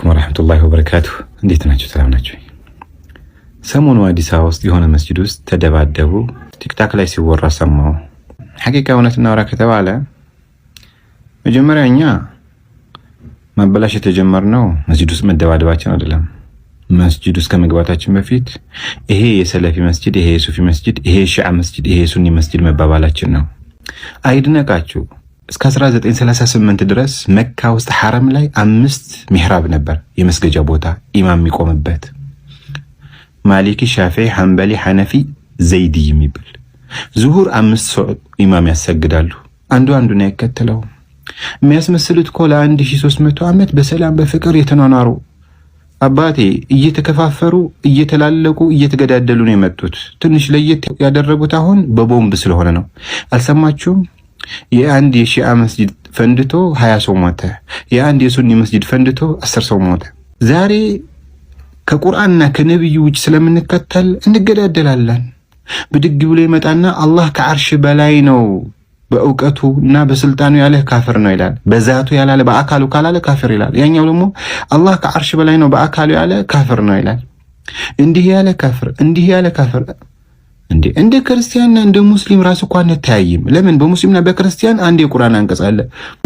አለይኩም ወረሕመቱላሂ ወበረካቱ። እንዴት ናቸው? ሰላም ናቸው። ሰሞኑ አዲስ አበባ ውስጥ የሆነ መስጅድ ውስጥ ተደባደቡ። ቲክታክ ላይ ሲወራ ሰማው። ሐቂቃ እውነት እናውራ ከተባለ መጀመሪያ እኛ ማበላሽ የተጀመርነው መስጅድ ውስጥ መደባደባችን አይደለም። መስጅድ ውስጥ ከመግባታችን በፊት ይሄ የሰለፊ መስጅድ፣ ይሄ የሱፊ መስጅድ፣ ይሄ የሺዓ መስጅድ፣ ይሄ የሱኒ መስጅድ መባባላችን ነው። አይድነቃችሁ እስከ 1938 ድረስ መካ ውስጥ ሐረም ላይ አምስት ሚህራብ ነበር፣ የመስገጃ ቦታ ኢማም የሚቆምበት ማሊኪ፣ ሻፊዒ፣ ሐንበሊ፣ ሐነፊ፣ ዘይዲ የሚባል ዙሁር አምስት ሰው ኢማም ያሰግዳሉ። አንዱ አንዱን አይከተለው። የሚያስመስሉት እኮ ለ1300 ዓመት በሰላም በፍቅር የተኗኗሩ አባቴ እየተከፋፈሩ እየተላለቁ እየተገዳደሉ ነው የመጡት። ትንሽ ለየት ያደረጉት አሁን በቦምብ ስለሆነ ነው። አልሰማችሁም? የአንድ የሺአ መስጅድ ፈንድቶ ሀያ ሰው ሞተ። የአንድ የሱኒ መስጅድ ፈንድቶ አስር ሰው ሞተ። ዛሬ ከቁርአንና ከነቢዩ ውጭ ስለምንከተል እንገዳደላለን። ብድግ ብሎ ይመጣና አላህ ከአርሽ በላይ ነው በእውቀቱ እና በስልጣኑ ያለ ካፍር ነው ይላል። በዛቱ ያላለ በአካሉ ካላለ ካፍር ይላል። ያኛው ደግሞ አላህ ከአርሽ በላይ ነው በአካሉ ያለ ካፍር ነው ይላል። እንዲህ ያለ ካፍር እንዲህ ያለ ካፍር እንዴ እንደ ክርስቲያንና እንደ ሙስሊም ራስ እኮ አንተያይም። ለምን? በሙስሊምና በክርስቲያን አንድ የቁርአን አንቀጽ አለ።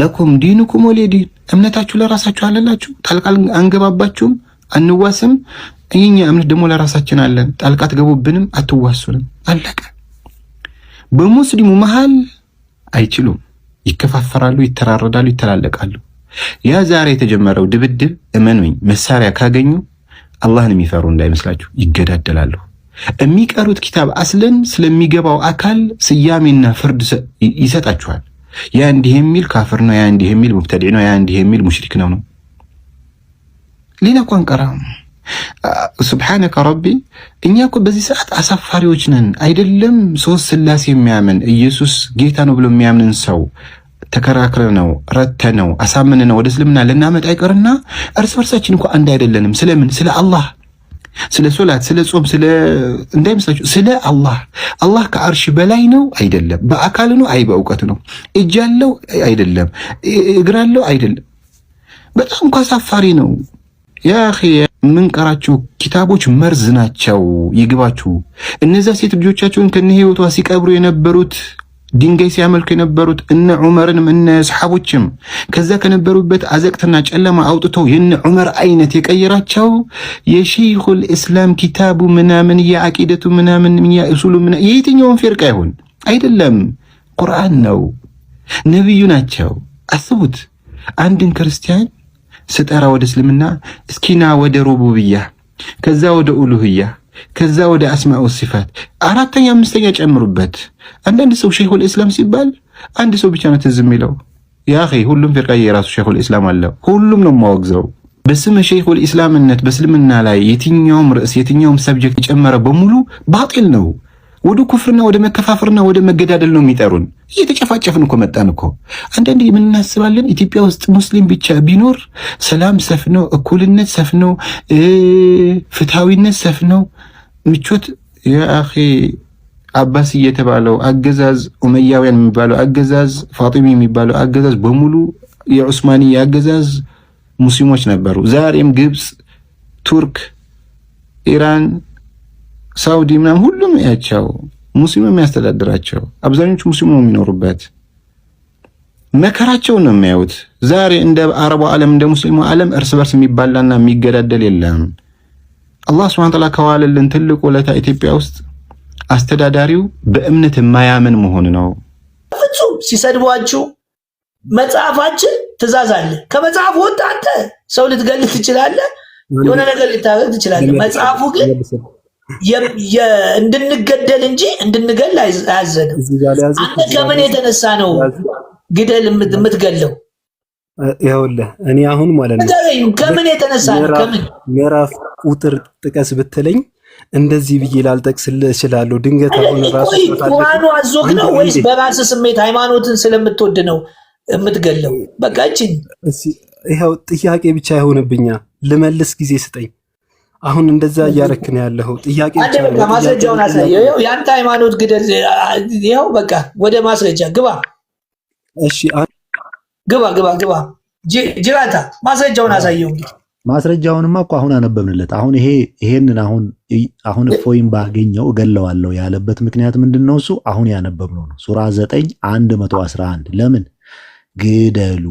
ለኩም ዲኑኩም ወሊየ ዲን፣ እምነታችሁ ለራሳችሁ አለላችሁ። ጣልቃ አንገባባችሁም፣ አንዋስም። እኛ እምነት ደግሞ ለራሳችን አለን። ጣልቃ አትገቡብንም፣ አትዋሱንም። አለቀ። በሙስሊሙ መሃል አይችሉም። ይከፋፈራሉ፣ ይተራረዳሉ፣ ይተላለቃሉ። ያ ዛሬ የተጀመረው ድብድብ እመኑኝ፣ መሳሪያ ካገኙ አላህን የሚፈሩ እንዳይመስላችሁ ይገዳደላሉ። የሚቀሩት ኪታብ አስለን ስለሚገባው አካል ስያሜና ፍርድ ይሰጣችኋል። ያ እንዲህ የሚል ካፍር ነው፣ ያ እንዲህ የሚል ሙብተድዕ ነው፣ ያ እንዲህ የሚል ሙሽሪክ ነው ነው ሌላ ቋንቀራ ስብሓነከ ረቢ እኛ እኮ በዚህ ሰዓት አሳፋሪዎች ነን። አይደለም ሶስት ስላሴ የሚያምን ኢየሱስ ጌታ ነው ብሎ የሚያምንን ሰው ተከራክረ ነው ረተ ነው አሳምን ነው ወደ እስልምና ልናመጣ አይቀርና እርስ በርሳችን እኮ አንድ አይደለንም። ስለምን ስለ አላህ ስለ ሶላት፣ ስለ ጾም፣ ስለ እንዳይመስላችሁ ስለ አላህ። አላህ ከአርሽ በላይ ነው አይደለም። በአካል ነው አይ በእውቀት ነው። እጅ አለው አይደለም። እግር አለው አይደለም። በጣም እኮ አሳፋሪ ነው። ያ የምንቀራቸው ኪታቦች መርዝ ናቸው። ይግባችሁ። እነዛ ሴት ልጆቻቸውን ከነ ህይወቷ ሲቀብሩ የነበሩት ድንጋይ ሲያመልኩ የነበሩት እነ ዑመርንም እነ ሰሓቦችም ከዛ ከነበሩበት አዘቅትና ጨለማ አውጥተው የነ ዑመር አይነት የቀየራቸው የሸይኹል እስላም ኪታቡ ምናምን የአቂደቱ ምናምን የእሱሉ የየትኛውን ፌርቅ ይሁን አይደለም፣ ቁርአን ነው፣ ነቢዩ ናቸው። አስቡት አንድን ክርስቲያን ስጠራ ወደ እስልምና እስኪና ወደ ሩቡብያ ከዛ ወደ ኡሉህያ ከዛ ወደ አስማኡ ሲፋት አራተኛ አምስተኛ ጨምሩበት። አንዳንድ ሰው ሼኹል እስላም ሲባል አንድ ሰው ብቻ ነው ትዝ የሚለው። ያ ሁሉም ፊርቃ የራሱ ሼኹል እስላም አለው። ሁሉም ነው የማወግዘው። በስም ሼኹል ኢስላምነት በእስልምና ላይ የትኛውም ርዕስ የትኛውም ሰብጀክት የጨመረ በሙሉ ባጢል ነው። ወደ ኩፍርና ወደ መከፋፈርና ወደ መገዳደል ነው የሚጠሩን። እየተጨፋጨፍን እኮ መጣን እኮ። አንዳንዴ ምን እናስባለን? ኢትዮጵያ ውስጥ ሙስሊም ብቻ ቢኖር ሰላም ሰፍነው፣ እኩልነት ሰፍነው፣ ፍትሃዊነት ሰፍነው ምቾት የአኺ አባስ የተባለው አገዛዝ፣ ኡመያውያን የሚባለው አገዛዝ፣ ፋጢሚ የሚባለው አገዛዝ በሙሉ የዑስማንያ አገዛዝ ሙስሊሞች ነበሩ። ዛሬም ግብፅ፣ ቱርክ፣ ኢራን፣ ሳውዲ ምናምን ሁሉም ያቸው ሙስሊም የሚያስተዳድራቸው አብዛኞቹ ሙስሊሙ የሚኖሩበት መከራቸውን ነው የሚያዩት። ዛሬ እንደ አረቡ ዓለም እንደ ሙስሊሙ ዓለም እርስ በርስ የሚባላና የሚገዳደል የለም። አላህ ስብሐነ ወተዓላ ከዋለልን ትልቁ ውለታ ኢትዮጵያ ውስጥ አስተዳዳሪው በእምነት የማያምን መሆን ነው። ፍጹም ሲሰድቧችሁ መጽሐፋችን ትእዛዝ አለ። ከመጽሐፍ ወጣ አንተ ሰው ልትገል ትችላለህ፣ የሆነ ነገር ልታገል ትችላለህ። መጽሐፉ ግን እንድንገደል እንጂ እንድንገል አያዘንም። አንተ ከምን የተነሳ ነው ግደል የምትገለው? ይኸውልህ እኔ አሁን ማለት ነው ከምን የተነሳ ነው ከምን ቁጥር ጥቀስ ብትለኝ እንደዚህ ብዬ ላልጠቅስልህ እችላለሁ። ድንገት አሁን ራሱ ዋኑ አዞክ ነው ወይስ በራስህ ስሜት ሃይማኖትን ስለምትወድ ነው የምትገለው? በቃችን። ይኸው ጥያቄ ብቻ አይሆንብኛ፣ ልመልስ ጊዜ ስጠኝ። አሁን እንደዛ እያረክን ያለው ጥያቄ ማስረጃውን አሳየው። የአንተ ሃይማኖት ግደል። ይኸው በቃ ወደ ማስረጃ ግባ። እሺ ግባ፣ ግባ፣ ግባ። ጅራታ ማስረጃውን አሳየው። ማስረጃውንማ እኮ አሁን አነበብንለት። አሁን ይሄ ይሄንን አሁን አሁን እፎይም ባገኘው እገለዋለሁ ያለበት ምክንያት ምንድን ነው? እሱ አሁን ያነበብነው ነው። ሱራ 9 111 ለምን ግደሉ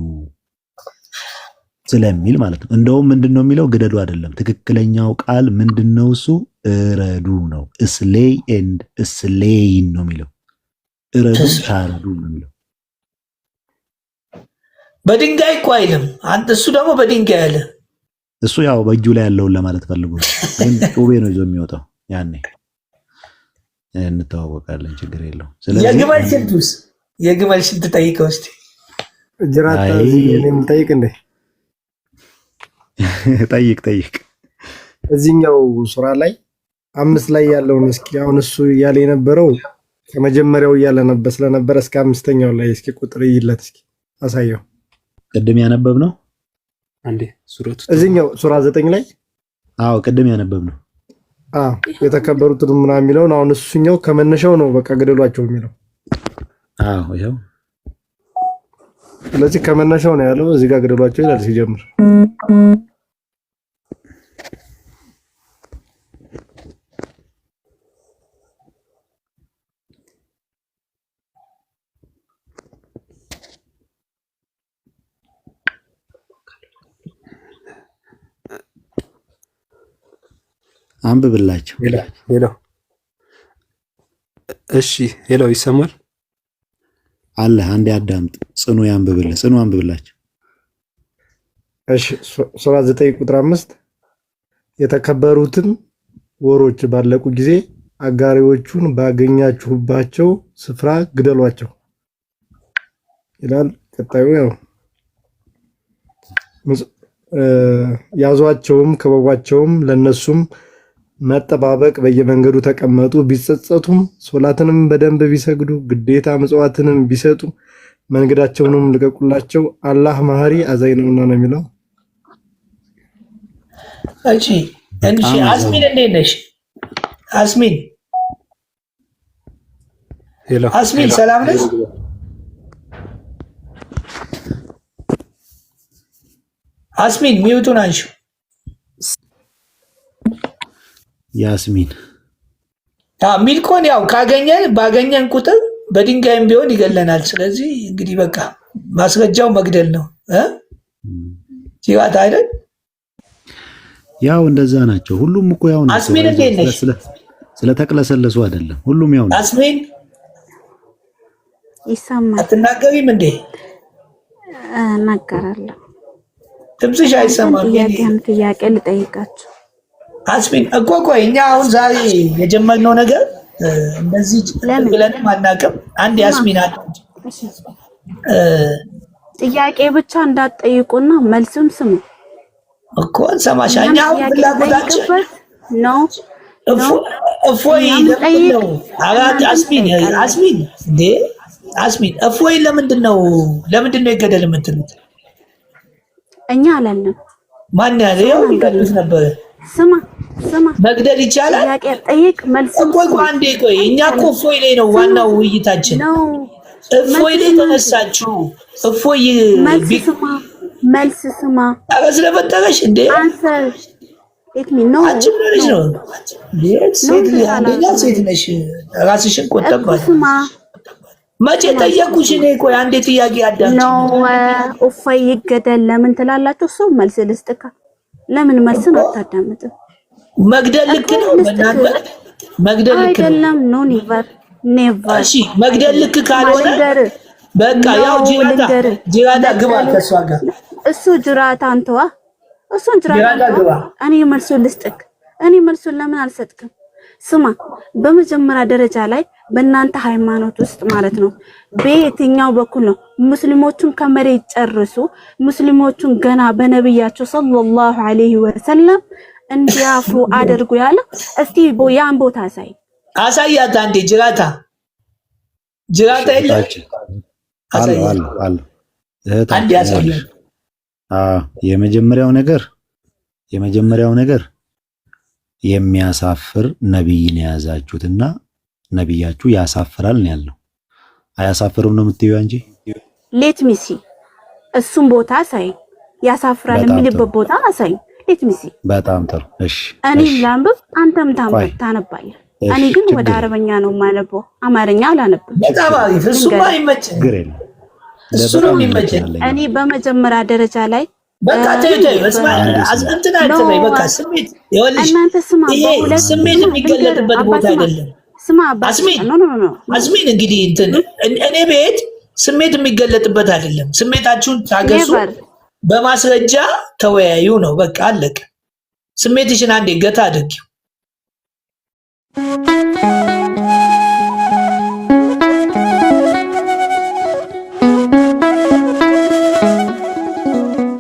ስለሚል ማለት ነው። እንደውም ምንድን ነው የሚለው ግደሉ አይደለም። ትክክለኛው ቃል ምንድን ነው? እሱ እረዱ ነው። ስሌይ ኤንድ ስሌይን ነው የሚለው። እረዱ ታረዱ ነው የሚለው። በድንጋይ እኮ አይልም። እሱ ደግሞ በድንጋይ አለ እሱ ያው በእጁ ላይ ያለውን ለማለት ፈልጎ ግን ጩቤ ነው ይዞ የሚወጣው። ያኔ እንተዋወቃለን፣ ችግር የለው። የግመል ሽንት ውስጥ የግመል ሽንት ጅራት ጠይቅ ጠይቅ ጠይቅ። እዚህኛው ሱራ ላይ አምስት ላይ ያለውን እስኪ አሁን እሱ እያለ የነበረው ከመጀመሪያው እያለ ነበር ስለነበረ እስከ አምስተኛው ላይ እስኪ ቁጥር ይለት እስኪ አሳየው ቅድም ያነበብ ነው አንዴ ሱረቱ እዚህኛው ሱራ ዘጠኝ ላይ አዎ፣ ቅድም ያነበብ ነው። አዎ የተከበሩትን ምናምን የሚለውን አሁን እሱኛው ከመነሻው ነው በቃ ገደሏቸው የሚለው አዎ፣ ይኸው ስለዚህ ከመነሻው ነው ያለው። እዚህ ጋር ገደሏቸው ይላል ሲጀምር አንብብላቸው። እሺ፣ ሄሎ ይሰማል አለ። አንዴ አዳምጥ። ጽኑ ያንብብል፣ ጽኑ አንብብላቸው። እሺ፣ ሱራ ዘጠኝ ቁጥር አምስት የተከበሩትም ወሮች ባለቁ ጊዜ አጋሪዎቹን ባገኛችሁባቸው ስፍራ ግደሏቸው ይላል። ቀጣዩ ያው ያዟቸውም፣ ከበቧቸውም፣ ለነሱም መጠባበቅ በየመንገዱ ተቀመጡ ቢጸጸቱም ሶላትንም በደንብ ቢሰግዱ ግዴታ ምጽዋትንም ቢሰጡ መንገዳቸውንም ልቀቁላቸው፣ አላህ መሐሪ አዛኝ ነውና ነው የሚለው። እሺ እሺ፣ አስሚን እንዴት ነሽ? አስሚን አስሚን፣ ሰላም ነሽ? አስሚን ሚውቱን አንሺው ያስሚን ሚልኮን ያው ካገኘን ባገኘን ቁጥር በድንጋይም ቢሆን ይገለናል። ስለዚህ እንግዲህ በቃ ማስረጃው መግደል ነው ሲባት አይደል? ያው እንደዛ ናቸው። ሁሉም እኮ ያው ስለተቅለሰለሱ አይደለም። ሁሉም ያው አስሚን ይሰማል። አትናገሪም እንዴ? እናገራለሁ። ድምፅሽ አይሰማም። ጥያቄም ጥያቄ ልጠይቃቸው አስሚን እኮ ቆይ እኛ አሁን ዛሬ የጀመርነው ነገር እንደዚህ ብለንም አናውቅም። አንድ ያስሚን አለ ጥያቄ ብቻ እንዳትጠይቁና መልስም ስሙ እኮ እንሰማሻ። እኛ አሁን ፍላጎታችን ነው እፎይ ነው። አራት አስሚን አስሚን እንዴ አስሚን እፎይ ለምንድን ነው ይገደል የምትሉት? እኛ አላለም። ማን ያለ ይው ይቀጥል ነበር ስማ ስማ፣ መግደል ይቻላል። ጠይቅ መልስ ቆይ አንዴ ቆይ። እኛ እኮ እፎይ ላይ ነው ዋናው ውይይታችን። እፎይ ላይ ተነሳችሁ። እፎይ መልስ ስማ። ኧረ ስለፈጠረሽ እንዴ አንቺም ልጅ ነው አንደኛ ሴት ነሽ። ራስሽን ቆጠባ መቼ ጠየቁሽ? እኔ ቆይ አንዴ ጥያቄ አዳምጪ። እፎይ ይገደል ለምን ትላላችሁ? እሱ መልስ ልስጥካ ለምን መልስን አታዳምጥም? መግደል ልክ ነው። መናገር መግደል ልክ አይደለም። ኖ ኔቨር ኔቨር። እሺ መግደል ልክ ካልሆነ በቃ ያው ጅራታ ጅራታ ግባ ከሷ ጋር እሱ ጅራታ አንተዋ እሱን ጅራታ ግባ። እኔ መልሱን ልስጥክ። እኔ መልሱን ለምን አልሰጥክም? ስማ በመጀመሪያ ደረጃ ላይ በእናንተ ሃይማኖት ውስጥ ማለት ነው። በየትኛው በኩል ነው ሙስሊሞቹን ከመሬት ጨርሱ። ሙስሊሞቹን ገና በነብያቸው ሰለላሁ ዐለይሂ ወሰለም እንዲያፍሩ አድርጉ ያለው እስቲ ያን ቦታ አሳይ አሳያት። አንዴ ጅራታ ጅራታ የለም አለ አለ አንዴ የመጀመሪያው ነገር የመጀመሪያው ነገር የሚያሳፍር ነብይን የያዛችሁትና ነቢያችሁ ያሳፍራል ነው ያለው። አያሳፍርም ነው የምትዩ እንጂ ሌት ሚሲ እሱም ቦታ አሳይ ያሳፍራል የሚልበት ቦታ አሳይ። ሌት ሚሲ በጣም ጥሩ እሺ። እኔ ላንብብ አንተም ታንብብ ታነባለህ። እኔ ግን ወደ አረበኛ ነው የማነበው፣ አማርኛ አላነብም። በጣም አሪፍ። እሱማ ግሬ እሱ ነው የሚመችህ። እኔ በመጀመሪያ ደረጃ ላይ በቃ ተይው ተይው፣ እንትን አልተበይ። በቃ ስሜት ይኸውልሽ፣ ስሜት የሚገለጥበት ቦታ አይደለም ስማ አዝሚን እንግዲህ እኔ ቤት ስሜት የሚገለጥበት አይደለም። ስሜታችሁን ታገሱ፣ በማስረጃ ተወያዩ ነው በቃ አለቀ። ስሜትሽን አንዴ ገታ አድርጊው።